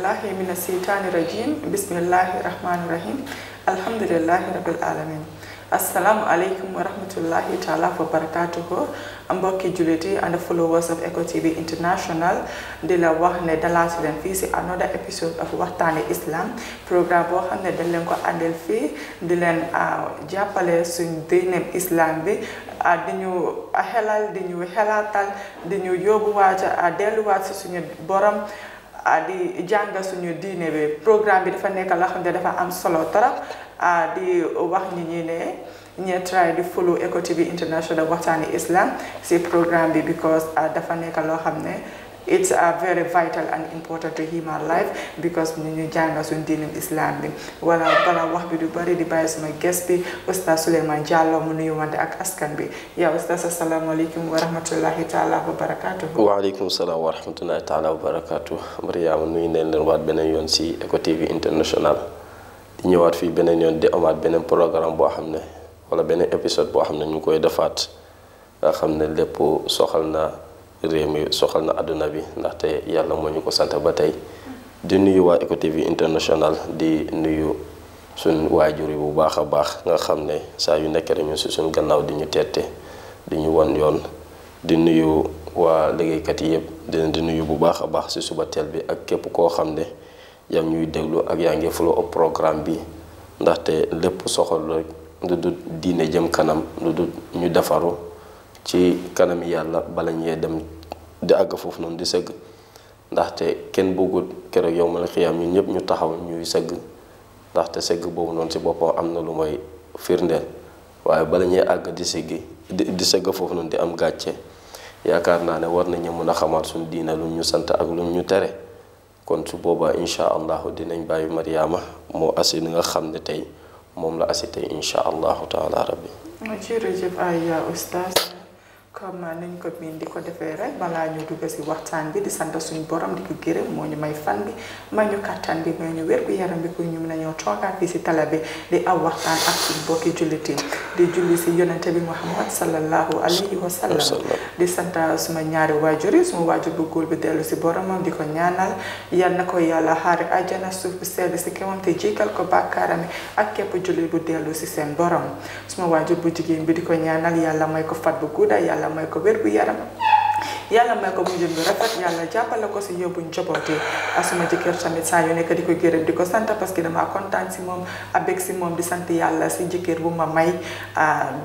بالله من الشيطان rajim بسم الله الرحمن assalamu alaikum warahmatullahi ta'ala wabarakatuh mbokki jullit and followers of Eco TV International di la wax ne dalaatu another episode of waxtaane islam programme boo xam dañ leen ko andel fi di a jàppale suñ diineem islam bi di ñu helal di helatal xelaatal yobu ñu a delu si suñu borom Ah, di jàngal suñu diine bi programme bi dafa nekk loo xam ne dafa am solo trop ah, di wax ñi ñi ne ñe try di follow Eco TV International waxtaani islam si programme bi because ah, dafa nekk loo xam ne it's a very vital and important to human life because ñu ñu jànga suñ diinum islam bi wala bala wax bi du bari di bàyyi suma guest bi oustaz Souleymane Diallo mu nuyu wante ak askan bi yaa oustaz asalaamaaleykum wa rahmatullahi taala wa barakatuhu waaleykum salaam wa rahmatullahi taala wa barakatuhu Mariama nuyu neen leen waat beneen yoon si Eco TV International di ñëwaat fii beneen yoon di omaat beneen programme boo xam ne wala beneen épisode boo xam ne ñu koy defaat nga xam ne lépp soxal na réew mi soxal na àdduna bi ndaxte yàlla moo ñu ko sant ba tey di nuyu waa Eco TV international di nuyu suñ waajur yi bu baax a baax nga xam ne saa yu nekk rek ñu si suñ gannaaw di ñu teete di ñu wan yoon di nuyu waa liggéeykat yi yëpp di nuyu bu baax a baax si suba teel bi ak képp koo xam ne yam ñuy déglu ak yaa ngi follow up programme bi ndaxte lépp soxal rek lu dul diine jëm kanam lu dul ñu defaru ci kanam yàlla bala ñee dem di àgg foofu noonu di sëgg ndaxte kenn bëggut keroog yow ma la xiyaam ñun ñëpp ñu taxaw ñuy sëgg ndaxte sëgg boobu noonu si boppam am na lu mooy firndeel waaye bala ñuy àgg di siggi di di sëgg foofu noonu di am gàcce yaakaar naa ne war nañu mën a xamaat suñ diina lu ñu sant ak lu ñu tere kon su boobaa incha allahu dinañ bàyyi Mariama moo asi li nga xam ne tey moom la asi tey incha allahu taala rabbi. comme nañ iya iya ko min di ko defee rek bala ñu dugg si waxtaan bi di sant suñu borom di ko gëré mo ñu may fan bi ma ñu kattan bi may ñu wër bu yaram bi ko ñu mëna ñoo toka fi ci si tala bi di aw waxtaan ak ci bokki julliti di julli ci yonente bi muhammad salallahu alayhi wa sallam di sant suma ñaari wajur yi suma wajur bu gol bi dellu si boromam di ko ñaanal yal nako yalla yàlla aljana suuf bi sel si kewam te jikal ko bàkkaarami ak képp julli bu delu si seen borom suma wajur bu jigeen bi di ko ñaanal yalla may ko fat bu guda yalla yàlla may ko wér gu yaram yàlla may ko mujj bu rafet yàlla jàppale ko si yóbbuñ jobootee asuma jëkkër tamit saa yu nekk di ko gërëm di ko sant parce que dama kontaan si moom abeg si moom di sant yàlla si jëkkër bu ma may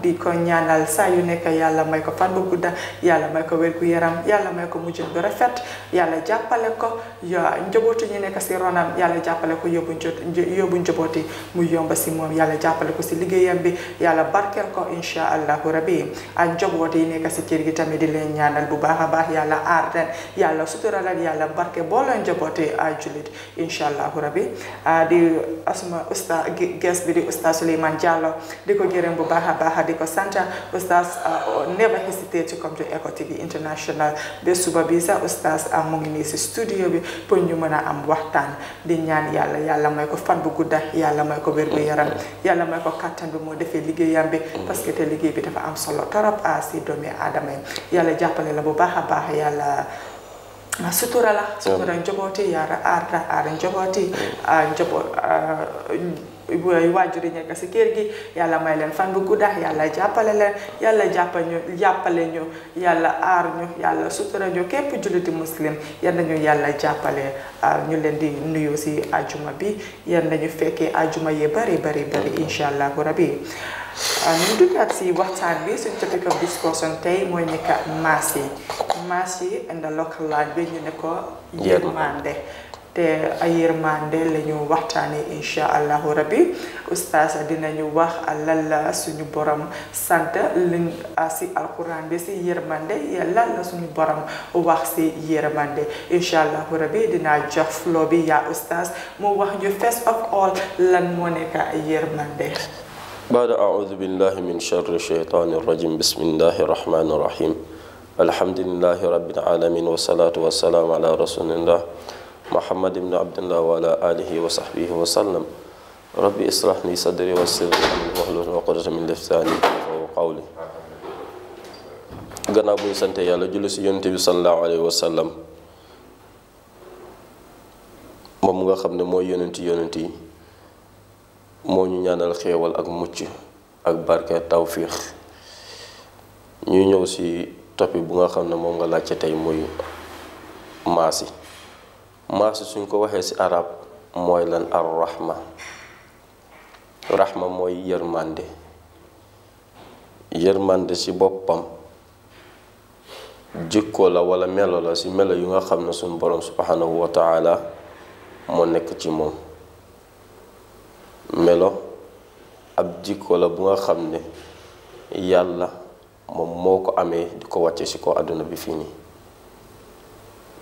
di ko ñaanal saa yu nekk yàlla may ko fan bu gudda yàlla may ko wér gu yaram yàlla may ko mujj bu rafet yàlla jàppale ko yo ñu nekk si ronam yàlla jàppale ko yóbbuñ jo yóbbuñ jobootee mu yomba si moom yàlla jàppale ko si liggéeyam bi yàlla barkeel ko incha allahu rabi ak njoboot yi nekk si kër gi tamit di leen ñaanal bu baax ya la arden ya la sutura la ya la barke boo jobote a julit inshallah rabbi a ah, di asma usta guest bi di usta suleiman jallo di ko gerem bu baha baha di ko santa usta ah, oh, never hesitate to come to echo TV International be suba bi sax oustaz ah, studio bi pour ñu mëna am waxtaan di ñaan yalla yalla may ko fan bu gudda yalla may ko wér bu yaram yalla may ko katan bu mo defé liggéeyam bi parce que te liggéey bi dafa am solo torop si doomi aadama yi yàlla la bu baha baax yàlla ah, sutura la sutura njabooti yara aarta aar njabooti ah, njaboot ah, waajuri nekk si kër gi yàlla may leen fan bu gudda yàlla jàppale leen yàlla jàppa jàppale ñu yàlla aar ñu yàlla sutura ñu képp julliti muslim yan nañu yàlla jàppale ñu leen di nuyu si ajuma bi yan nañu fekkee ajuma yee bari bari bari insha allahu rabbi Euh, ñu duggaat si waxtaan bi suñ topic of discussion tey mooy nekk maas yi maas yi and the local language ñu ne ko yërmande te yërmande la ñu waxtaanee incha allahu rabbi dina ñu wax lan la suñu borom sant liñ si alquran bi si yërmande lan la suñu borom wax si yërmande incha allahu rabbi dinaa jox flow bi yaa oustaz mu wax ñu first of all lan moo nekk yërmande بعد أعوذ بالله من شر الشيطان الرجيم بسم الله الرحمن الرحيم الحمد لله رب العالمين والصلاة والسلام على رسول الله محمد بن عبد الله وعلى آله وصحبه وسلم ربي اصلح لي صدري ويسر لي أمري واحلل عقدة من لساني قولي gannaaw bu ñu sant yàlla julli si yonent bi sallallahu alayhi wa sallam moom nga xam ne mooy yonent yonent yi moo ñu ñaanal xéewal ak mucc ak barke tawfiix ñuy ñëw si toppi bu nga xam ne moom nga laajte tey muy maasi maasi suñ ko waxee si arab mooy lan ar rahma rahma mooy yërmande yërmande si boppam jikko la wala melo la si melo yu nga xam ne suñ borom subhanahu wa taala moo nekk ci moom melo ab jikkola bu nga xam ne yàlla moom moo ko amee di ko wàcce si ko àdduna bi fii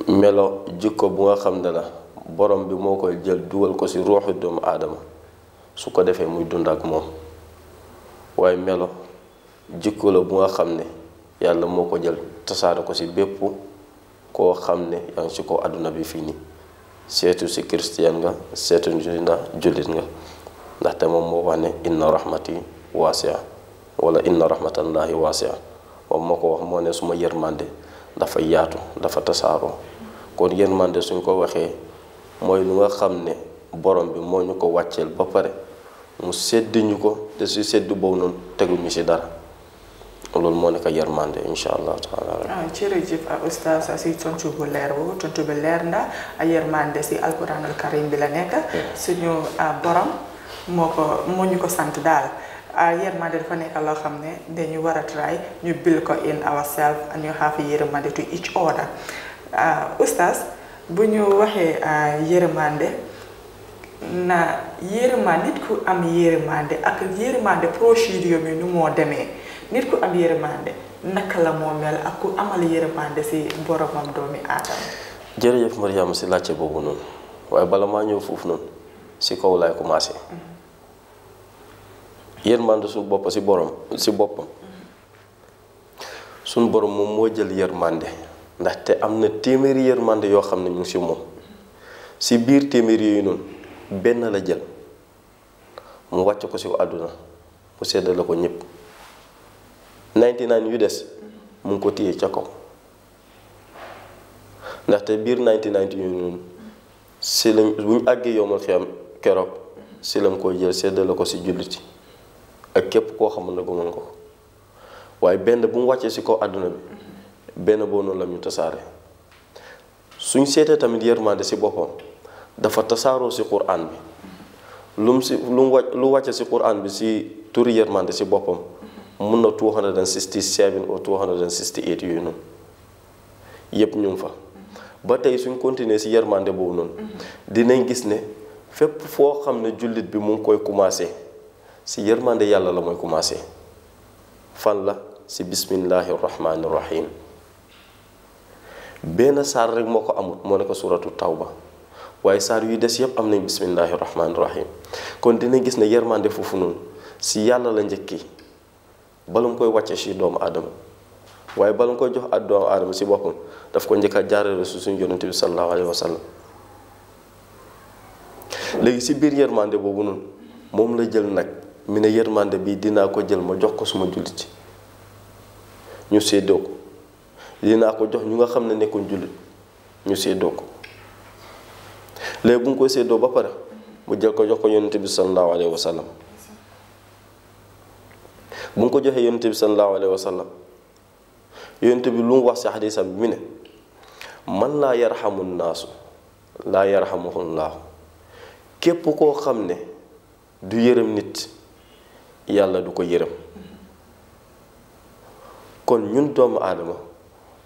nii melo jikko bu nga xam ne la borom bi moo koy jël dugal ko si ruuxu doomu aadama su ko defee muy dund ak moom waaye melo jikko la bu nga xam ne yàlla moo ko jël tasaare ko si bépp koo xam ne yaa ngi si ko àdduna bi fii nii seetu si christian nga seetu si na jullit nga ndaxte moom moo wax ne inna rahmati waasia wala inna rahmatallahi waasia moom moo ko wax moo ne suma yërmande dafa yaatu dafa tasaaroo kon yërmande suñ ko waxee mooy lu nga xam ne borom bi moo ñu ko wàcceel ba pare mu seddi ñu ko te si sedd boobu noonu teguñu si dara loolu moo nekk yërmande incha allah taala. ah jërëjëf ah, oustaz si tontu bu leer boobu tontu leer na yërmande si alquranul karim bi la nekk suñu ah, borom. moo ko moo ñu ko sant daal ah, yërmande dafa nekk loo xam ne dañu war a try ñu build ko in ourselves and you have ah, ñu waxee ah, yërmande na yërmande nit ku am yërmande ak yërmande procédure bi nu moo demee nit ku am yërmande naka la moo mel ak ku amal yërmande si boromam doomi aadama jërëjëf Mariama si laajte boobu noonu waaye bala maa ñëw foofu noonu si kaw laay commencé mm-hmm. yërmande su bopp si borom si boppam suñu borom moom moo jël yërmande ndaxte am na téeméeri yërmande yoo xam ne ñu ngi si moom si biir téeméeri yooyu noonu benn la jël mu wàcc ko si àdduna mu seddale ko ñépp ñëpp 99 yu des mu ko téye ca kaw ndaxte biir 99 yu noonu si lañ bu ñu àggee yomal xiyam keroog si lañ ko jël seddale ko si jullit yi ak képp koo xamante ne gëmoon nga ko waaye benn bu mu wàccee si kaw àdduna bi benn boo noonu la ñu tasaare suñ seetee tamit yërmande si boppam dafa tasaaroo si quraan bi lu mu si lu mu lu wàcce si quraan bi si turi yërmande si boppam mun na 267 ou 268 yooyu noonu yëpp ñu fa ba tey suñ continuer si yërmande boobu noonu dinañ gis ne fépp foo xam ne jullit bi mu ngi koy commencé si yërmande yàlla la mooy commencé fan la si bismillahi rahmaani rahim benn saar rek moo ko amul moo ne ko suratu tawba waaye saar yuy des yépp am nañ bismillahi rahmaani rahim kon dina gis ne yërmande foofu noonu si yàlla la njëkki bala mu koy wàcce si doomu adama waaye bala mu koy jox ak doomu aadama si boppam daf ko njëkk a su suñu yonente bi sallallahu alayhi wa léegi si biir yërmande boobu noonu moom la jël nag mi ne yërmande bii dinaa ko jël ma jox ko suma jullit ñu séddoo ko dinaa ko jox ñu nga xam ne nekkuñ jullit ñu séddoo ko léegi bu ñu ko seddoo ba pare mu jël ko jox ko yonente bi sallallahu alayhi wa sallam bu ñu ko joxee yonente bi sallallahu alayhi wa sallam yonente bi lu mu wax si xadisam bi mi ne man laa yarxamu naasu laa yarxamuhu llaahu képp koo xam ne du yërëm nit yàlla du ko yërëm kon ñun doomu aadama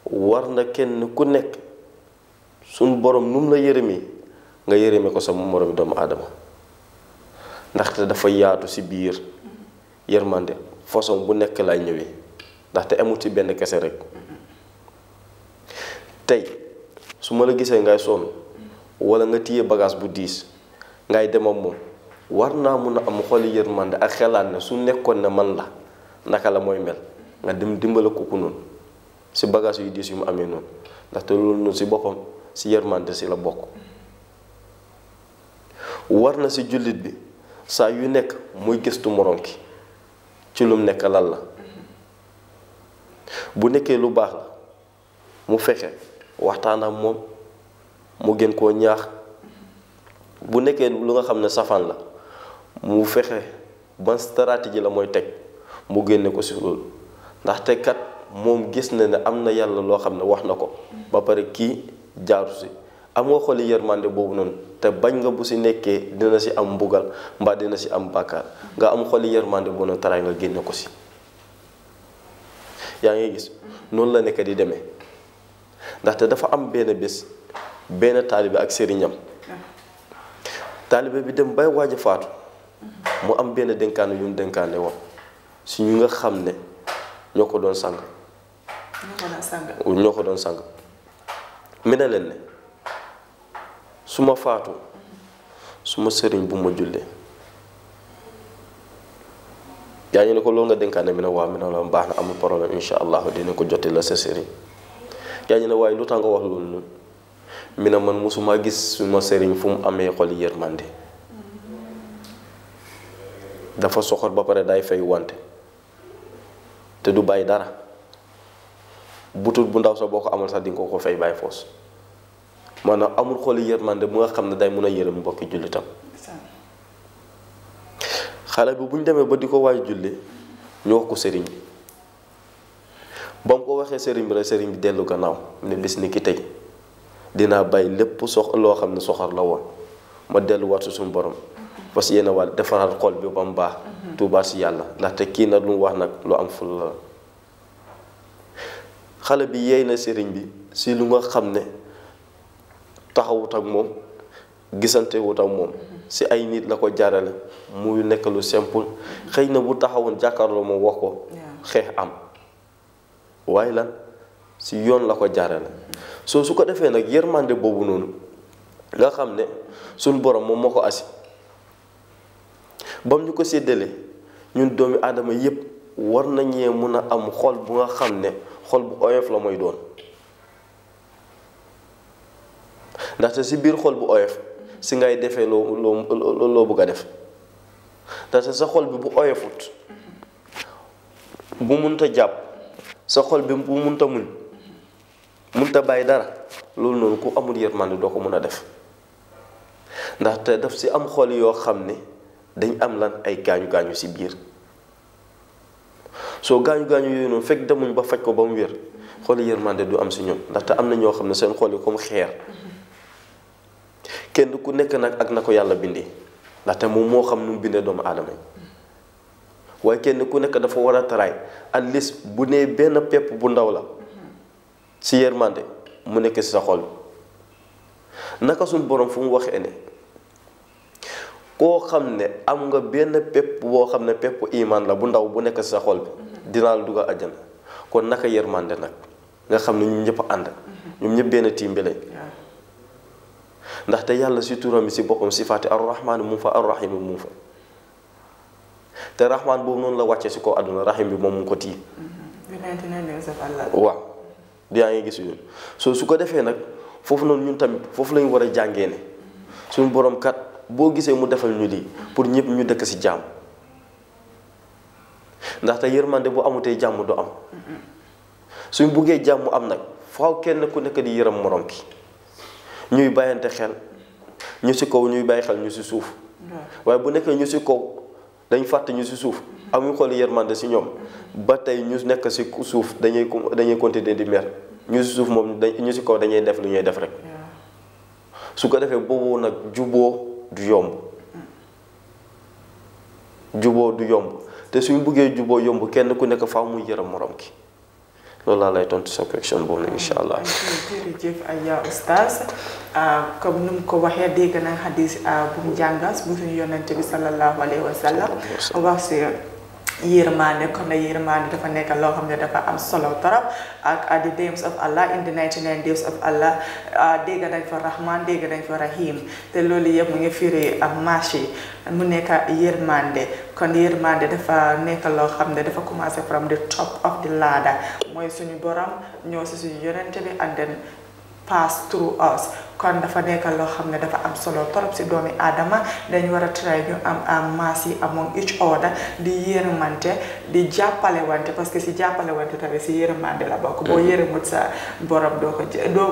war na kenn ku nekk suñ borom num la yërëmee nga yërëmee ko sa moroomi doomu aadama ndaxte dafa yaatu ci biir yërmande façon bu nekk lay ñëwee ndaxte amul ci benn kese rek tey su ma la gisee ngay sonn walla nga téye bagage bu diis ngay dem ak moom war naa mun a am xoli yërmande ak xelaat ne su nekkoon ne man la naka la mooy mel nga dem dimbali ko ku noonu si bagage yu diis yu mu amee noonu ndaxte loolu noonu si boppam si yërmande si la bokk war na si jullit bi saa yu nekk muy gëstu morom ki ci lum nekk lal la bu nekkee lu baax la mu fexe waxtaan ak moom mu gën koo ñaax bu nekkee lu nga xam ne safaan la mu fexe ban stratégie la mooy teg mu génne ko si loolu ndaxte kat moom gis na ne am na yàlla loo xam ne wax na ko ba pare kii jaaru si am nga xoli yërmande boobu noonu te bañ nga bu si nekkee dina si am mbugal mbaa dina si am bàkkaar nga am xoli yërmande boobu noonu taraay nga génne ko si yaa ngi gis noonu la nekk di demee ndaxte dafa am benn bés benn taalibe ak sëriñam ah. taalibe bi dem bay waaj faatu mu am benn dénkaane yu mu dénkaane woon si ñu nga xam ne ñoo ko doon sàng ñoo ko doon sàng mi ne leen ne su ma faatu suma sëriñ bu ma jullee yaa ñu ne ko loolu nga dénkaane mi ne waaw mi ne la baax na amul problème insha allahu dina ko jotee la sa sëriñ yaa ñu ne waaye lu tax nga wax loolu noonu mi ne man mosumaa gis su ma sëriñ fu mu amee xol yërmande dafa soxor ba pare day fay wante te du bàyyi dara butul bu ndaw sax boo ko amal sax di ko ko fay bàyyi foos maanaam amul xooli yërmande mu nga xam ne day mun a yërëm mbokki jullitam xale bi bu ñu demee ba di ko waaj julli ñu wax ko sëriñ bi ba mu ko waxee sëriñ bi rek sëriñ bi dellu gannaaw ne bis ni ki tey dinaa bàyyi lépp sox loo xam ne soxor la woon ma delluwaat su suñu boroom fas yéene iya wàll defaral xol bi ba mu mhm. baax iya tuubaa si yàlla ndaxte na lu wax nak lu am ful la xale bi yeyna serigne bi si lu nga xamne taxawut ak mom gisante wut ak mom mhm. si ay nit la ko jaarale muy nek lu simple mhm. xeyna bu taxawon jakarlo mo wax ko xex am way lan si yoon la ko jaarale so su ko defé nak yermande bobu non nga xamne sun borom mom moko ko bam ñu ko séddale ñun doomi aadama yépp war nañee mën a am xol bu nga xam ne xol bu oyof la mooy doon ndaxte si biir xol bu oyof si ngay defee loo loo loo bëgg a def ndaxte sa xol bi bu oyofut bu munta jàpp sa xol bi bu munta muñ munta bàyyi dara loolu noonu ku amul yërmande doo ko mun a def ndaxte daf si am xol yoo xam ne dañ am lan ay gaañu gaañu ci biir soo gaañu gaañu yooyu noonu fekk demuñ ba faj ko ba mu wér xooli yërmande du am si ñun ndaxte am na ñoo xam ne seen xool yi comme xeer kenn ku nekk nag ak na ko yàlla bindee ndaxte moom moo xam nu mu bindee doomu adama yi waaye kenn ku nekk dafa war a taraay at least bu nee benn pepp bu ndaw la ci yërmande mu nekk ci sa xol naka suñ borom fu mu waxee ne. koo xamne ne am nga ben pep bo xamne ne iman la bu ndaw bu nek sa xol bi dinaa la duga àjjana kon naka yermande nak nga xamne ñun ñëpp and ñoom ñëpp ben tiim bi ndax ndaxte yalla si turam bi si boppam ar-rahman mu fa ar-rahim mu fa te rahman boobu non la wacce ci ko aduna rahim bi mom mu ko ti wa di ngi gis ñun so su ko defé nak fofu non ñun tamit fofu lañ wara jangé ne suñu borom kat boo gisee mu defal ñu lii pour ñëpp ñu dëkk ci jàmm ndaxte yërmande bu amutee jàmm du am suñ buggee jàmm am nag faaw kenn ku nekk di yërëm morom ki ñuy bàyyante xel ñu si kaw ñuy bàyyi xel ñu ci suuf waaye bu nekkee ñu si kaw dañ fàtte ñu ci suuf amuñ xool yërmande si ñoom ba tey ñu nekk ci suuf dañuy dañuy continuer di mer ñu si suuf moom ñu si kaw dañuy def lu ñuy def rek su ko defee boobu nag juboo du yomb juboo du yomb te suñu buggee juboo yomb kenn ku nekk faaw muy yërëm moroom ki loolu laa lay tontu sa question boobu nag incha allah. Ah, comme num ko waxee dégg naa xadis ah, bu mu jàngas bu suñu yonente bi sallallahu alayhi wa sallam wax si. yërmande kon nag yërmande dafa nekk loo xam ne dafa am solo torop ak uh, the names of Allah in the 99 names of Allah uh, dégg nañ fa Rahman dégg nañ fa Rahim te loolu yëpp mu ngi firi am uh, marché mu nekk yërmande kon yërmande dafa nekk loo xam ne dafa commencé from the top of the ladder mooy suñu borom ñëw si suñu yonente bi and then pass through us kon dafa nekkal loo xam ne dafa am solo torop si doomi aadama dañ war a try ñu am am maas yi amoon each other di yërëmante di jàppale wante parce que si jàppale wante tamit si yërëmante la bokk boo mhm. yërëmut sa borom doo ko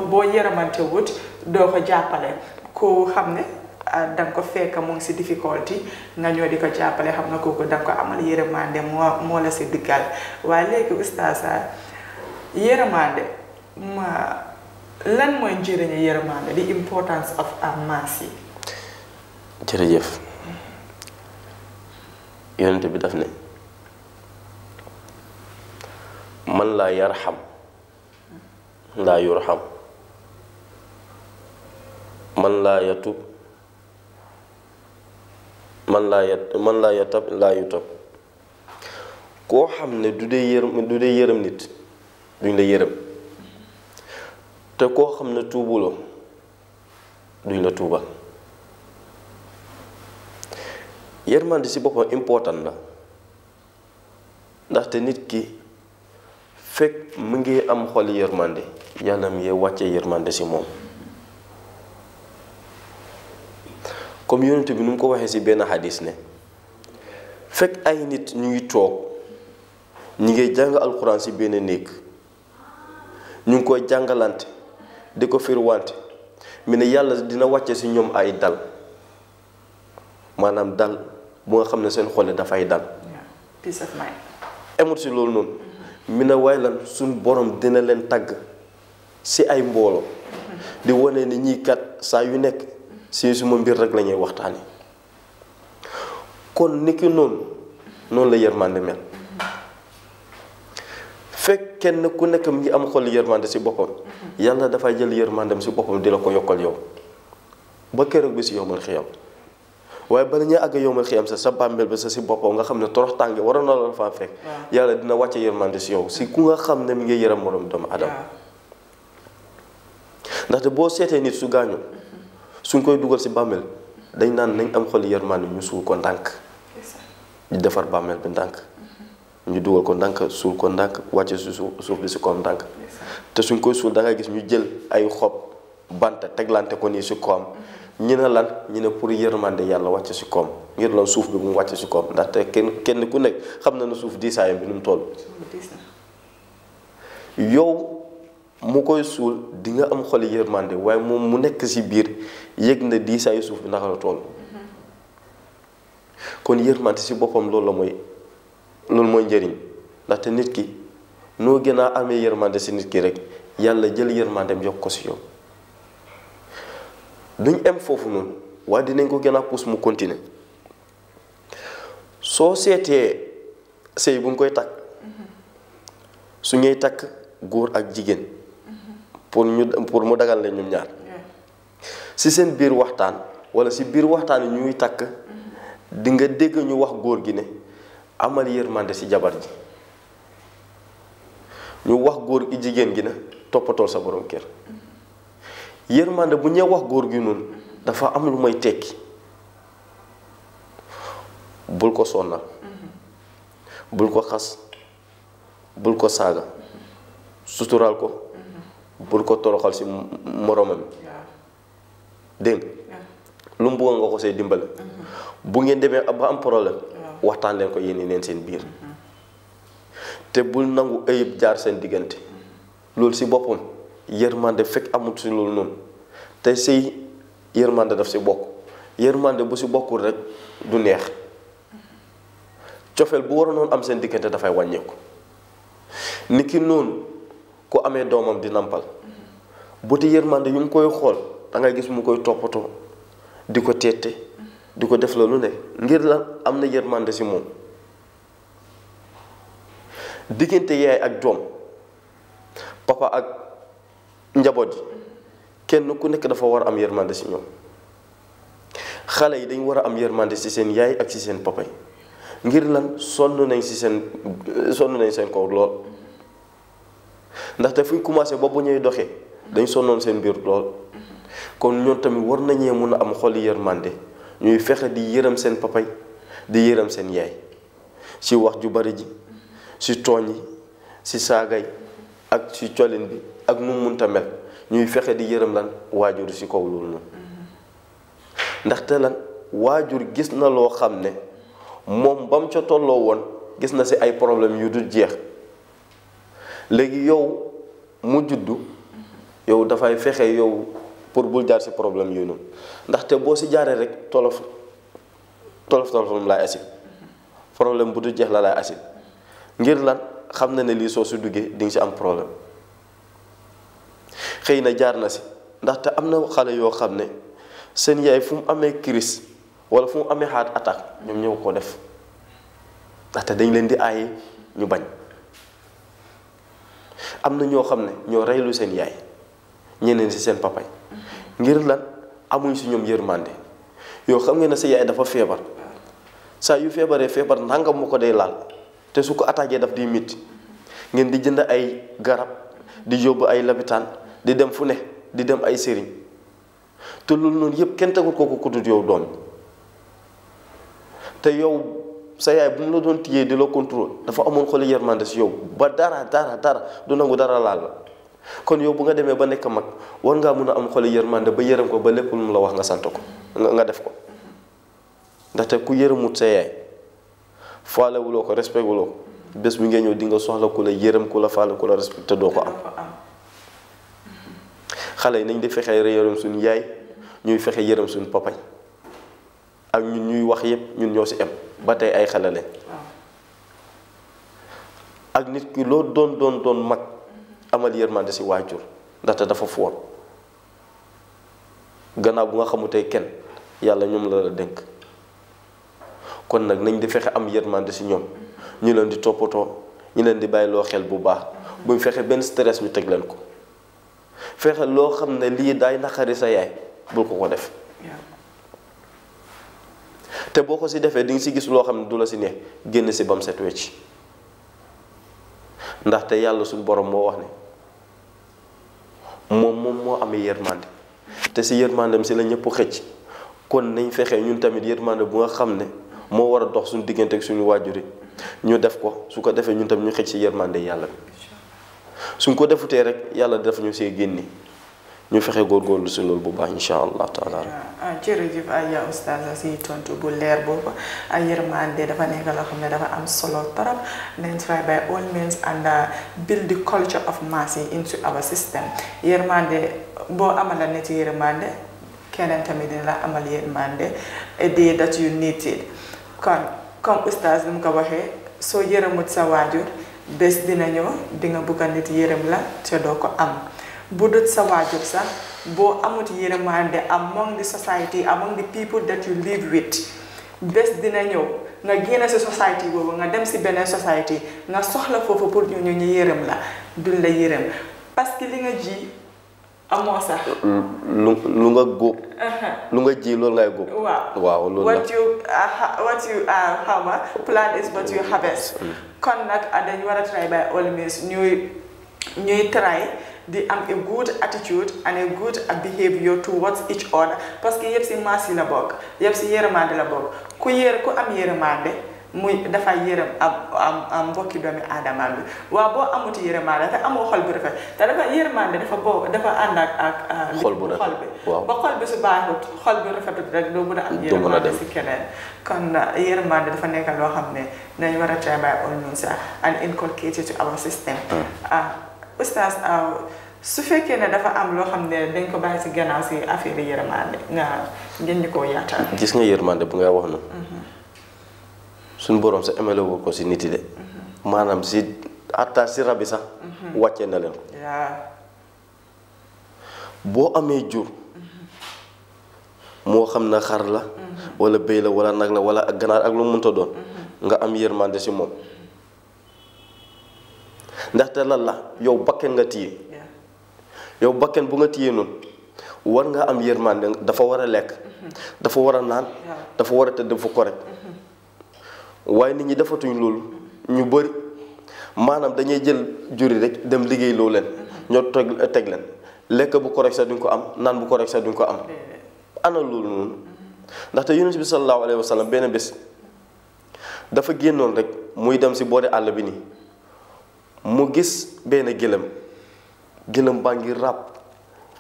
boo yërëmante wut doo jàppale ko xam ne ah, danga ko fekk mu ngi si difficulté nga ñëw di ko jàppale xam nga kooku danga ko amal yërëmande moo moo la si diggal waaye léegi oustaz yërëmande ma lan mooy njëriñu yërmande di importance of our mercy jërëjëf yonent bi daf ne man laa yar yarxam laa yurxam man laa yatub man laa yat man laa yatab laa yutab koo xam ne du dee yërëm du dee yërëm nit duñ la yërëm te koo xam ne tuubuloo duñ la tuubal yërmande si boppam important la ndaxte nit ki fekk mu ngi am xoli yërmande yàlla mu ngi wàcce yërmande si moom comme yonent bi nu mu ko waxee si benn xadis ne fekk ay nit ñu ngi toog ñu ngi jàng alxuraan si benn néeg ñu ngi koy jàngalante di ko firwante mu yalla dina wacce ci ñom ay dal manam dal bu nga xam ne seen xole dafay dal mind si ci lool non way lan sun borom dina len tag, si ay mbolo di wane ni ñi kat sa yu si suma mbir rek lañuy waxtani kon niki nun, nun la yermande mel kenn ku nekk mu ngi am xol yërmande si boppam yàlla dafay jël yërmandem si boppam di la ko yokkal yow ba keroog bi si yomal xiyam waaye bala ñuy àgg yomal xiyam sa sa bàmmeel bi sa si boppam nga xam ne torox tànge waroon na la faa fekk yàlla dina wàcce yërmande si yow si ku nga xam ne mi ngi yërëm morom doomu adama ndaxte boo seetee nit su gaañu suñ koy dugal si bàmmeel dañ naan nañ am xol yërmande ñu suul ko ndànk di defar bàmmeel bi ndànk ñu dugal ko ndànk suuf ko ndànk wàcce su suuf bi si koom ndànk te suñ koy suul dangay gis ñu jël ay xob bant teglante ko nii si koom ñu ne lan ñu ne pour yërmande yàlla wàcce si koom ngir loolu suuf bi mu wàcc si koom ndaxte kenn kenn ku nekk xam na ne suuf diisaayam bi nu mu toll yow mu koy suul di nga am xoli yërmande waaye moom mu nekk si biir yëg na diisaayu suuf bi naka la toll mm-hmm. kon yërmande si boppam loolu la mooy moy mooy ndax te nit ki no gëna amé yermande ci nit ki rek yalla jël yermandem yokk ko ci yow duñ em foofu noonu waaye dinañ ko gëna mu continuer so sété sey buñ koy tak, mm-hmm. su ñey tak goor ak jigen mm-hmm. pour ñu pour mu dagal leen ñoom ñaar si seen bir waxtaan wala si bir waxtaan ñuy tak mm-hmm. di nga dégg ñu wax goor gi ne amal yermande si jabar ji ñu wax goor gi jigen gi na topatol sa borom kër yermande bu ñee wax goor gi nun dafa am lu may tekki bul ko sonna bul ko khas bul ko saga sutural ko bul ko toroxal si moromam deng lu nga ko sey dimbal mm-hmm. bu ngeen deme ba am problème waxtaan leen ko yéene neen seen biir te bul nangu ayib jaar seen diggante loolu si boppam yërmande fekk amut si loolu noonu te si yërmande daf si bokk yërmande bu si bokkul rek du neex cofeel bu waroon am seen diggante dafay wàññeeku nit ki noonu ku amee doomam di nampal bu ti yërmande yu ngi koy xool dangay gis mu koy toppatoo di ko teete di ko def la lu ne ngir lan am na yërmande si moom diggante yaay ak doom papa ak njaboot yi kenn ku nekk dafa war a am yërmande si ñoom xale yi dañ war a am yërmande si seen yaay ak si seen papa yi ngir lan sonn nañ si seen sonn nañ seen kaw lool ndaxte fu ñu commencé ba bu ñuy doxee dañ sonnoon seen biir lool kon ñoom tamit war nañee mun a am xoli yërmande ñuy fexe di yërëm seen papay di yërëm seen yaay ci wax ju bari ji ci tooñ yi ci saagay ak ci colin bi ak nu munta mel ñuy fexe di yërëm lan waajur ci kaw loolu noonu ndaxte lan waajur gis na loo xam ne moom bam ca tolloo woon gis na si ay problème yu dul jeex léegi yow mu juddu yow dafay fexe yow pour bul jaar si problème yooyu noonu ndaxte boo si jaaree rek tolof tolof tolofam laay asin problème bu du jeex la laay asin ngir lan xam na ne lii soo si duggee di nga si am problème xëy na jaar na si ndaxte am na xale yoo xam ne seen yaay fu mu amee kiris wala fu mu amee xaar attaque ñoom ñëw koo def ndaxte dañ leen di aaye ñu bañ am na ñoo xam ne ñoo reylu seen yaay ñeneen si seen papay ngir lan amuñ si ñoom yërmande yow xam nga ne sa yaay dafa feebar saa yu feebaree feebar nangam mu ko day laal te su ko attaqué daf di mitt ngeen di jënd ay garab di yóbbu ay labitaan di dem fu ne di dem ay sëriñ te lu noonu yëpp kenn tegul ko ko yow doom te yow sa yaay bu mu la doon téyee di la contrôle dafa amoon xoli yërmande si yow ba dara dara dara du nangu dara laal la kon yow bu nga demee ba nekk mag war ngaa mun a am xoli yërmande ba yërëm ko ba lépp lu mu la wax nga sant ko nga def ko ndaxte ku yërëmut sa yaay faale ko respect wuloo ko ngay ñëw di nga soxla ku la yërëm ku la faale ku doo ko am xale yi nañ di fexe yërëm suñu yaay ñuy fexe yërëm suñu papañ ak ñu ñuy wax yépp ñun ñoo si am ba tey ay xale lañ ak nit ki loo doon doon doon mag amal yërmande si waajur ndaxte dafa foon gannaaw bu nga xamutee kenn yàlla ñoom la la dénk kon nag nañ di fexe am yërmande si ñoom ñu leen di toppatoo ñu leen di bàyyi loo xel bu baax buñ fexe benn stress ñu teg leen ko fexe loo xam ne lii daay naqari sa yaay bul ko ko def te boo ko si defee di nga si gis loo xam ne du la si neex génn si bam set wecc ndaxte yàlla su borom moo wax ne moom moom moo amee yërmande te si yërmandeem si la ñëpp xëcc kon nañ fexe ñun tamit yërmande bu nga xam ne moo war a dox suñu diggante suñu waajur yi ñu def ko su ko defee ñun tamit ñu xëcc si yërmande yàlla bi suñ ko defutee rek yàlla def ñu see génni ñu fexe góorgóorlu si loolu bu baax incha allah taala. ah, ah jërëjëf Aya Oustaz si tontu bu leer boobu ay yërmande dafa nekk loo xam ne dafa am solo trop nañ try by all means and uh, build the culture of mercy into our system yërmande boo amala nit yërmande keneen tamit dina la amal yërmande a day that you need it comme Oustaz ni mu ko waxee soo yërëmut sa waajur bés dina ñëw di nga bugg a nit yërëm la te doo ko am. bu dut sa waajur sax boo amut yërmande among the society among the people that you live with bés dina ñëw nga génn si society boobu nga dem si beneen society nga soxla foofu pour ñu ñu yërëm la duñ la yërëm parce que li nga ji amoo sax. lu nga góob. Uh-huh. lu nga ji loolu ngay góob. waaw waaw loolu la what you uh, what you uh, xaw ma is what you harvest. kon nag uh, dañu war a try by all means ñuy try. di am a good attitude and a good behavior towards each other parce que yëpp si maas yi la bokk yëpp si yërëmande la bokk ku yër ku am yërëmande muy dafay yërëm am am mbokki doomi aadama bi waaw boo amut yërëmande te amoo xol bu rafet te dafa yërëmande dafa boo dafa ànd ak ak. Ah, bu rafet ba xol bi su baaxut xol bi rafetut rek doo mën a am. yërëmande si keneen kon ah, yërëmande dafa nekk loo xam ne nañ war a travail on ñun sax and inculcate to our system. Hmm. Ah, oustaz Aw su fekkee ne dafa am loo xam ne dañ ko bàyyi si gannaaw si affaire yërmande nga ngeen ñu koo yaatal. gis nga yërmande bu ngay wax noonu. Mhm. suñu borom sa amele ko si nit yi de. Mhm. maanaam si atta si rab sax. Mhm. wàcce na leen ko. boo amee jur. moo xam ne xar la. walla béy la wala nag la wala ganaar ak lu mu mënta doon. nga am yërmande si moom. ndaxte lan la yow bakken nga téye yow bakken bu nga téye noonu war nga am yërmande dafa war a lekk mm-hmm. dafa war a naan dafa war a tëdd fu correct mm-hmm. waaye nit ñi defatuñ loolu mm-hmm. ñu bëri maanaam dañuy jël juri rek dem liggéey loo leen ñoo teg leen lekk bu correct sax duñ ko am naan bu correct sax duñ ko am ana loolu noonu ndaxte yonent bi sallallahu alayhi wa benn bés dafa génnoon rek muy dem si boori àll bi nii mu gis benn gëlëm gëlëm baa ngi ràpp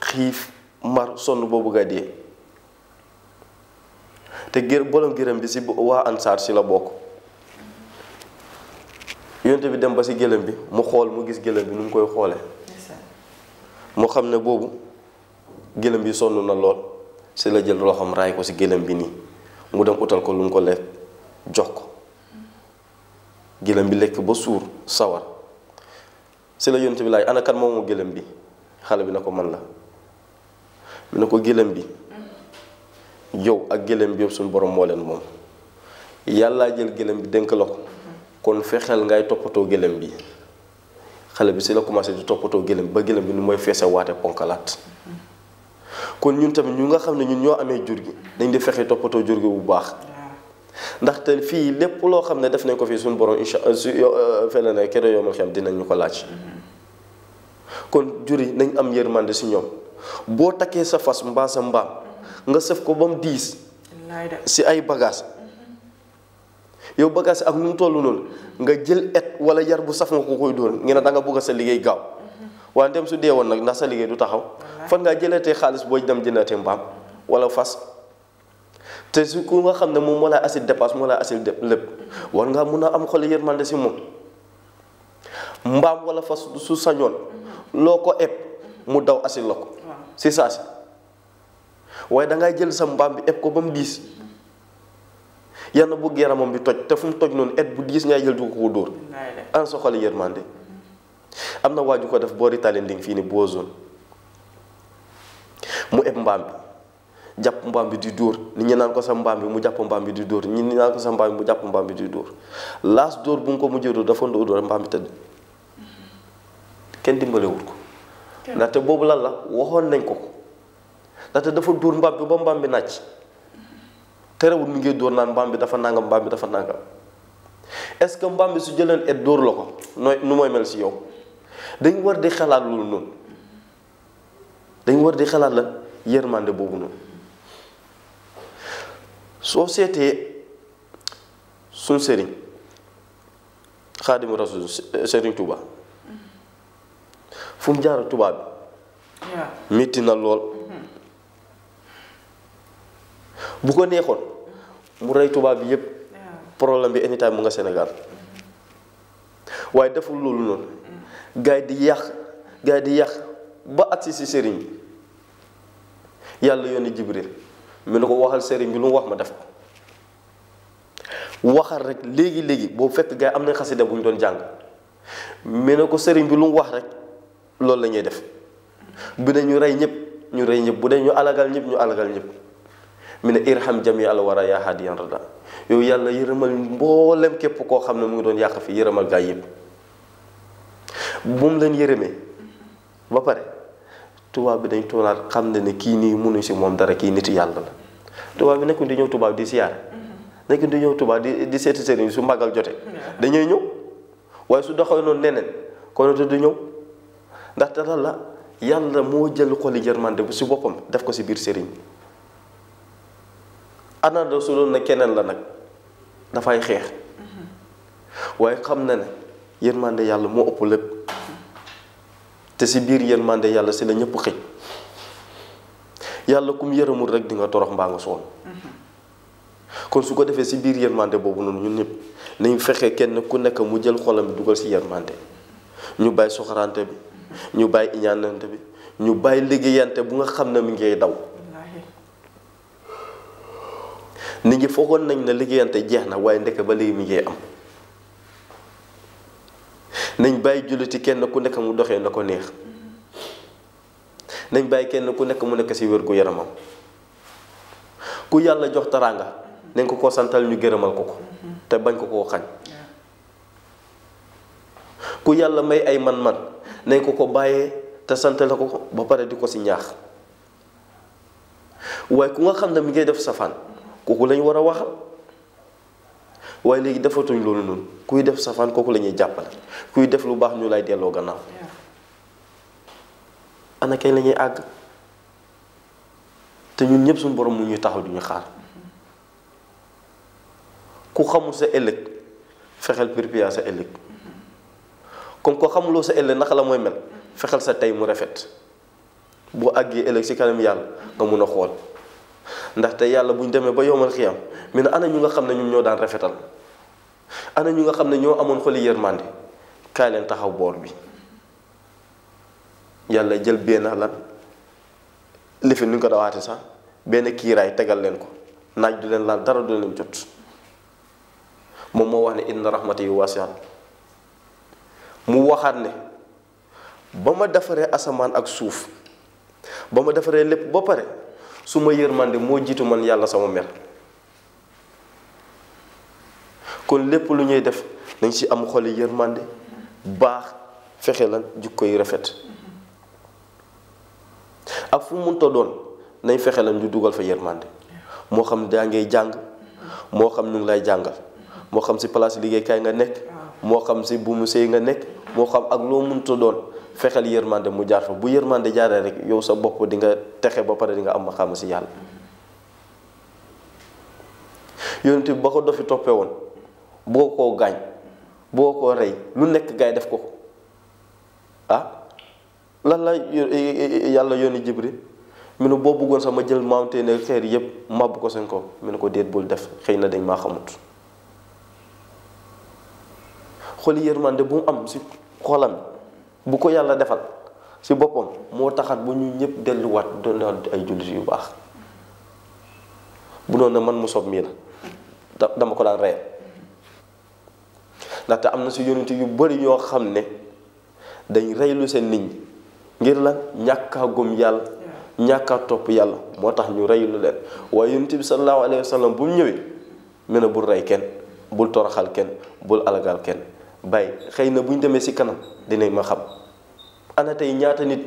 xiif mar sonn boobu ga te gër borom gërëm bi si waa ansaar si la bokk yonte bi dem ba si gëlëm bi mu xool mu gis gëlëm bi nu mu koy xoole mu xam ne boobu gëlëm bi sonn na lool si la jël loxoom raay ko si gëlëm bi nii mu dem utal ko lu mu ko lekk jox ko gëlëm bi lekk ba suur sawar si la yonent bi laaj ana kan moomu gëlëm bi xale bi na ko man la mu ne ko gëlëm bi yow ak gëlëm bi yëpp suñu borom moo leen moom yàllaa jël gëlëm bi dénk la ko kon fexeel ngay toppatoo gëlëm bi xale bi si la commencé di toppatoo gëlëm ba gëlëm bi nu mooy feese waate ponkalaat kon ñun tamit ñu nga xam ne ñun ñoo amee jur gi dañ di fexe toppatoo jur gi bu baax ndaxte fii lépp loo xam ne def nañ ko fii suñu borom incha allah euh, euh, fële na keroog yombal xam dinañ ñu ko laaj. kon jur yi nañ am yërmande si ñoom boo takkee sa fas mbaa sa mbaam nga sëf ko ba mu diis. si ay bagages. yow bagages ak nu mu toll noonu nga jël et wala yar bu saf nga ko koy dóor ngeen ne da nga bëgg sa liggéey gaaw waaye dem su dee woon nag ndax sa liggéey du taxaw fan ngaa jëlatee xaalis boo dem jëndatee mbaam wala fas. té su ko nga xamné mom mo moo acide asil dépasse moo laa asil lepp war nga mëna am xol mande ci mom mbam wala fas su sañol loko ép mu daw asil loko, ko si way da ngay jël sa mbam bi ép ko bam mu yalla yàlla yaramam bi toj té fu mu toj non ét bu diis ngay jël du ko dóor an so xol ko def ritalé fi ni bo zone mu ép mbam japp mbam bi di dor ni ñi nan ko sa mbam bi mu japp mbam bi di dor ñi nan ko sa mbam bi mu japp mbam bi di dor las dor bu nga ko mujjee dóor dafa ndoo dor mbam bi tëdd dimbalé dimbalewul ko ndaxte boobu lan la waxon nañ ko ko ndaxte dafa dor mbam bi ba mbam bi nàcc terewul mi ngi dor nan mbam bi dafa nangam mbam bi dafa nangam est-ce que mbaam bi su jëlën et dor lako ko nu moy mel ci yow dañ war di xalaat loolu noonu dañ war di xalaat la yermande bobu noonu soo seetee suñ sëriñ xaadimu rasul sëriñ Touba fu mu jaara Touba bi metti na lool mm-hmm. bu ko neexoon mu rey Touba bi yépp problème bi anytime mu nga Sénégal mm-hmm. waaye deful loolu noonu mm-hmm. gaay di yàq gaay di yàq ba agsi si sëriñ bi yàlla yónni Jibril mi ne ko waxal serigne bi lu wax ma def ko waxal rek legui legui bo fekk gars amna am buñ doon jang mi ne ko serigne bi lu wax rek lol lañuy def bu ne ñu ray ñep ñu ray ñep bu dee ñu alagal ñep ñu alagal ñep mi ne irham jami al wara yaa hadiyan rada yow yalla yërëmal mbollem kep ko xamne mu ngi doon yak fi yërëmal gaa yeb bu mu leen ba pare tubaab bi dañ toolaat xam ne ni kii nii mënuñ si moom dara kii nitu yàlla la tubaab bi nekkuñ di ñëw tubaab di siyaare mm-hmm. nekkuñ di ñëw tubaab di di seeti sëriñ su màggal jotee dañuy ñëw waaye su doxee noonu neneen kon du ñëw ndax dara la yàlla moo jël xoli yërmande bu si boppam def ko si biir sëriñ bi anada su doon na keneen la nag dafay xeex mm-hmm. waaye xam na ne yërmande yàlla moo ëpp lépp te si biir yërmande yalla ci la ñëpp xëj yalla kum yërëmul rek di nga torox mba nga son kon su ko defee si biir yërmande bobu noonu ñun ñëpp nañ fexé kenn ku nekk mu jël xolam duggal ci si yërmande ñu bay soxarante bi mm-hmm. ñu bay iñaanante bi ñu bay liggéeyante bu nga xam mi ngay daw ni ngi fokon nañ na liggéeyante jeexna na ndeke ba léegi mi ngay am nañ bàyyi julliti kenn ku nekk mu doxee na ko neex nañ bàyyi kenn ku nekk mu nekk si wér gu yaramam ku yàlla jox taraanga nañ ko ko santal ñu gërëmal ko ko te bañ ko koo xañ ku yàlla may ay man-man nañ ko ko bàyyee te santale ko ba pare di ko si ñaax waaye ku nga xam ne mi ngay def safaan kooku lañ war a waxal waaye léegi defatuñ lolu non kuy def safan koku lañuy ñuy kuy def lu bax ñu lay délo gannaaw ana kay lañuy ag té ñun ñëpp suñu borom mu ñuy taxaw duñu xaar ku xamu sa ëllëg fexeel prépare sa ëlëk comme ko sa ëlë nak la moy mel fexel sa tay mu rafet agge ëlëk si kanam yalla nga mëna xol ndax yalla bu démé ba yomal xiyam min ana ñu nga xam ñun ñoo daan rafetal ana ñu nga xam ne ñoo amoon xoli yërmande kaay leen taxaw boor bi yàlla jël benn lan lifin ni ñu ko dawaate sax benn kiiraay tegal leen ko naaj du leen laal dara du leen jot moom moo wax ne inna rahmati yu wasiat mu waxaat ne ba ma defaree asamaan ak suuf ba ma defaree lépp ba pare su ma yërmande moo jiitu man yàlla sama mer kon lépp lu ñuy def nañ si am xoli yërmande baax fexe lan jikko yu rafet ak fu mu doon nañ fexe lan ñu dugal fa yërmande moo xam daa ngay jàng moo xam ñu ngi lay jàngal moo xam si place liggéeykaay nga nekk moo xam si bu mu sëy nga nekk moo xam ak loo mënta doon fexeel yërmande mu jaar fa bu yërmande jaaree rek yow sa bopp di nga texe ba pare di nga am ma xam si yàlla yonent bi ba ko dofi toppee woon boo ko gaañ boo koo rey lu nekk gars yi def ko ko ah lan la eh, eh, eh, yàlla yónni jibril mu ne boo bëggoon sama jël maamte ne xeer yëpp màbb ko seen kaw mu ko déet bul def xëy na dañ maa xamut xooli yërmande bu am si xolam bu ko yàlla defal si boppam moo taxat bu ñu ñëpp delluwaat doon ay jullit yu baax bu noonu man mu sob mii la dama ko daan reyal ndaxte am na si yonent yu bari yoo xam ne dañ reylu seen nit ñi ngir la ñàkk a yàlla ñàkk topp yàlla moo tax ñu reylu leen waaye yonent bi sallallahu alayhi wa sallam bu rey kenn bul toroxal kenn bul alagal kenn bàyyi xëy na bu ñu demee si kanam dinañ ma xam ana tey ñaata nit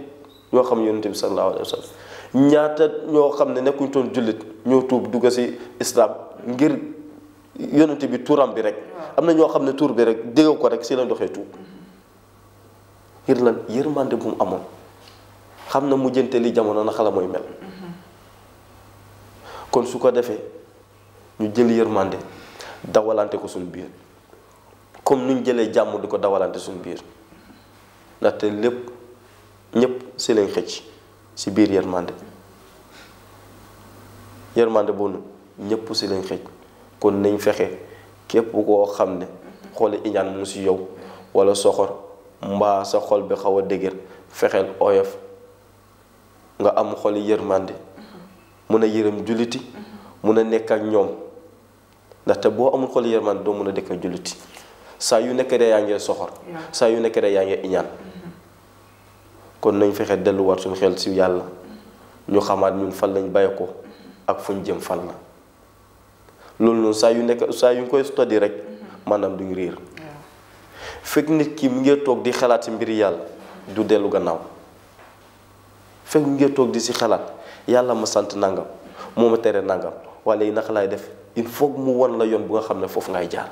ñoo xam yonent bi sallallahu alayhi wa ñaata ñoo xam ne nekkuñ toon jullit ñoo tuub dugg si islam ngir yonent bi tuuram bi rek am na ñoo xam ne tuur bi rek dégg ko rek si lañ doxee tuub ngir lan yërmande bu mu amoon xam na mujjante li jamono naka mooy mel mm-hmm. kon su ko defee ñu jël yërmande dawalante ko suñu biir comme nuñ jëlee jàmm di ko dawalante suñu biir ndaxte lépp ñépp si lañ xëcc si biir yërmande yërmande boobu ñépp si lañ xëcc kon nañ fexe képp koo xam ne xooli iñaan mu si yow wala soxor mbaa sa xol bi xaw a dëgër fexeel oyof nga am xoli yërmande mun a yërëm julliti mun a nekk ak ñoom ndaxte boo amul xoli yërmande doo mun a dëkk ak julliti saa yu nekk de yaa ngee soxor saa yu nekk de yaa ngee iñaan kon nañ fexe delluwaat suñu xel si yàlla ñu xamaat ñun fan lañ bàyyi ko ak fuñ jëm fan la loolu noonu saa yu nekk saa yu ngi koy study rek maanaam duñ riir fekk nit ki mu ngi toog di xalaat si mbiri yàlla du dellu gannaaw fekk mu toog di si xalaat yàlla ma sant nangam moo ma tere nangam waaye léegi naka laay def il faut mu won la yoon bu nga xam ne foofu ngay jaar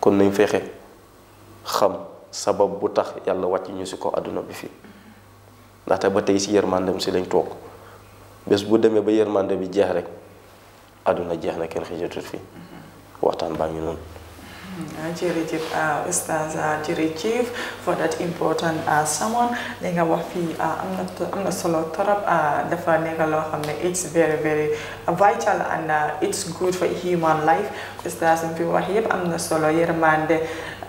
kon nañ feexe xam sabab bu tax yàlla wàcc ñu si ko àdduna bi fii ndaxte ba tey si yërmandem si lañ toog bés bu demee ba yërmande bi jeex rek àdduna jeex na kenn xëjatut fi mhm. waxtaan baa ngi noonu mhm. ah, jërëjëf ah, Oustaz ah, jërëjëf for that important sermon li nga wax fii am na am na solo torop dafa nekk loo xam ne it's very very vital and it's good for human life Oustaz fi wax yëpp am na solo yërmande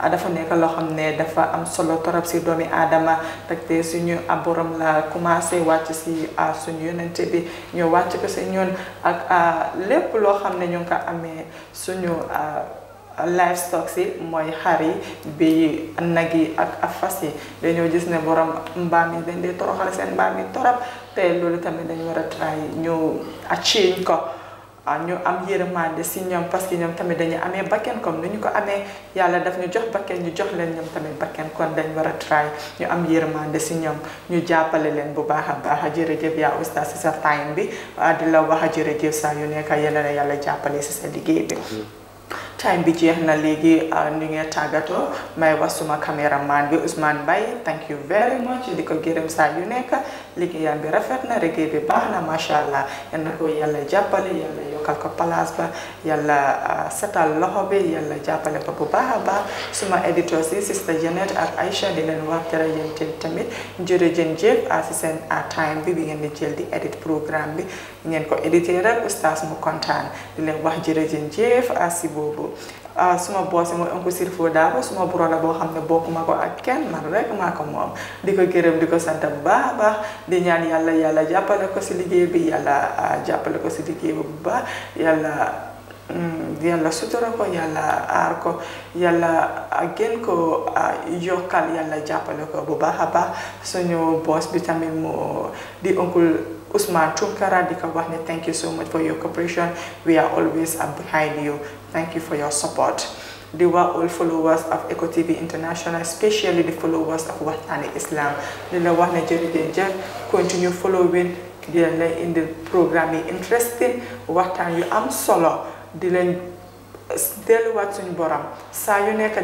ada nekk loo xam ne dafa am solo torop si doomi tak te suñu borom la commencé ci a suñu yonenté bi ñu wacc ko ci ñun ak a lepp lo ne ñu ka ko amee suñu livestock si moy hari bi nagi ak afasi dañu gis ne borom mbami, dañ dé toroxal sen mbami torop té lolu tamit dañu wara try ñu achieve ko waaw ah, ñu am yërmande si ñoom parce que ñoom tamit dañu amee bakken kon ni ñu ko amee yàlla daf ñu jox bakken ñu jox leen ñoom tamit bakken kon dañ war a try ñu am yërmande si ñoom ñu jàppale leen bu baax a baax jërëjëf yaa oustaz si sa time bi ah, di la wax jërëjëf saa yu nekk yàlla na yàlla jàppale si sa liggéey bi. time bi jeex na léegi ñu euh, ngi tàggatoo may wax suma caméraman bi Ousmane mbay thank you very much di ko gërëm saa yu nekk liggéeyam bi rafet na liggéey bi baax na macha allah yal na ko yàlla jàppale yàlla yokkal ko place ba yalla euh, setal loxo bi yàlla jàppale ko bu baax a baax suma éditeurs yi Sister Janet ak Aïcha di leen wax tamit ngeen jël tamit jërëjëf si seen time bi bi ngeen di jël di edit programme bi ngeen ko édité rek oustaz mu kontaan di leen wax jërëjëf si boobu Ah, suma boose mooy oncle Sirfo Dabo suma bro boo xam ne ma ko ak kenn man rek maa ko moom di ko gërëm di ko sant bu baax a baax di ñaan yàlla yàlla jàppale ko si liggéey bi yàlla ah, jàppale ko si liggéey bi bu baax yàlla mm, yàlla sutura ko yàlla aar ko yàlla ah, gën ko yokkal yàlla jàppale ko bu baax a baax suñu boss bi tamit mu di oncle Ousmane Tounkara di ko wax ne thank you so much for your cooperation we are always behind you Thank you for your support. They were all followers of Echo TV International, especially the followers of Watani Islam. They la wax continue following the in the programming interesting Watani, i am solo di leen delluwaat suñu borom saa yu nekk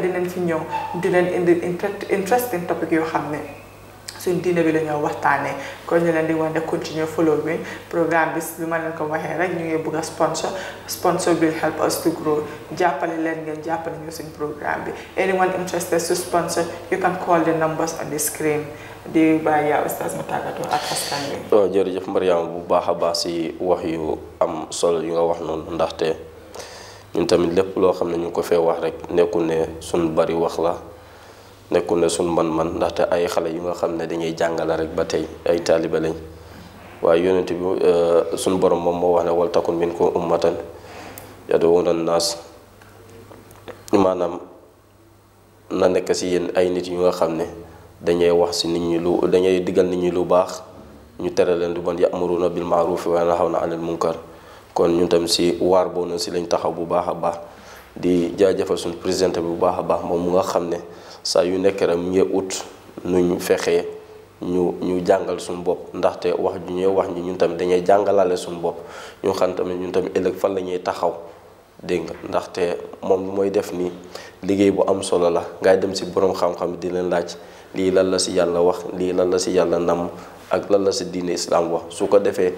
di leen fi interesting topic you have suñ diine bi lañu waxtane ko ñu leen di wone continue follow me programme bi bima leen ko waxe rek ñu ngi bëgg sponsor sponsor will help us to grow jappale leen ngeen jappale ñu suñu programme bi anyone interested to sponsor you can call the numbers on the screen di baye yaa ustaas mu tàggatoo ak askan bi oh, waaw jeuf mariama bu baaxa baax si wax yu am solo yu nga wax noonu ndaxte ñun tamit lepp lo xamne ñu ko fe wax rek nekkul ne suñ bari wax la nekkul ne suñ man-man ndaxte ay xale yu nga xam ne dañuy jàngale rek ba tey ay taaliba lañ waaye yonent bi euh, suñ borom moom moo wax ne wal takun minkum ummatan yad'una an-nas maanaam na nekk si yéen ay nit yu nga xam ne dañuy wax si nit ñi lu dañuy digal nit ñi lu baax ñu tere leen du bon ya'muruna bil ma'ruf wa yanhawna 'anil munkar kon ñu tam si waar boobu si lañ taxaw bu baax a baax di jaajëfal suñ président bi bu baax a baax moom mu nga xam ne sa yu nek ram ñe out ut nuñ fexé ñu ñu jangal suñu ndax té wax ju ñe wax ñi ñun tam dañay jàngalale suñu bop ñu xam tam ñun tam ëlëk fa la taxaw dégg ndax té mom lu def ni liggéey bu am solo la ngay dem si borom xam-xam di leen laaj li lan la ci yalla wax li lan la ci yalla nam ak lan la ci diine islam wax su ko defee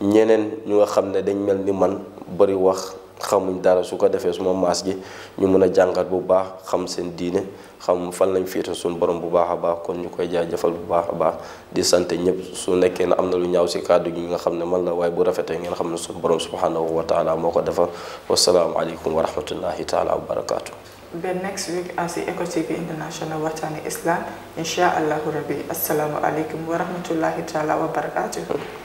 ñu dañ melni man bari wax xamuñ daal su ko defee suma maas gi ñu mën a jàngat bu baax xam seen diine xam fan lañ féete suñu borom bu baax a baax kon ñu koy jaajëfal bu baax a baax di sant ñëpp su nekkee ne am na lu ñaaw si kàddu gi nga xam ne man la waaye bu rafetee ngeen xam ne suñu borom subhanahu wa taala moo ko defar wasalaamualeykum wa rahmatullahi taala wa barakaatu. ba next week as Eco TV International waxtaani islam incha allahu rabi asalaamualeykum wa rahmatullahi taala wa barakaatu.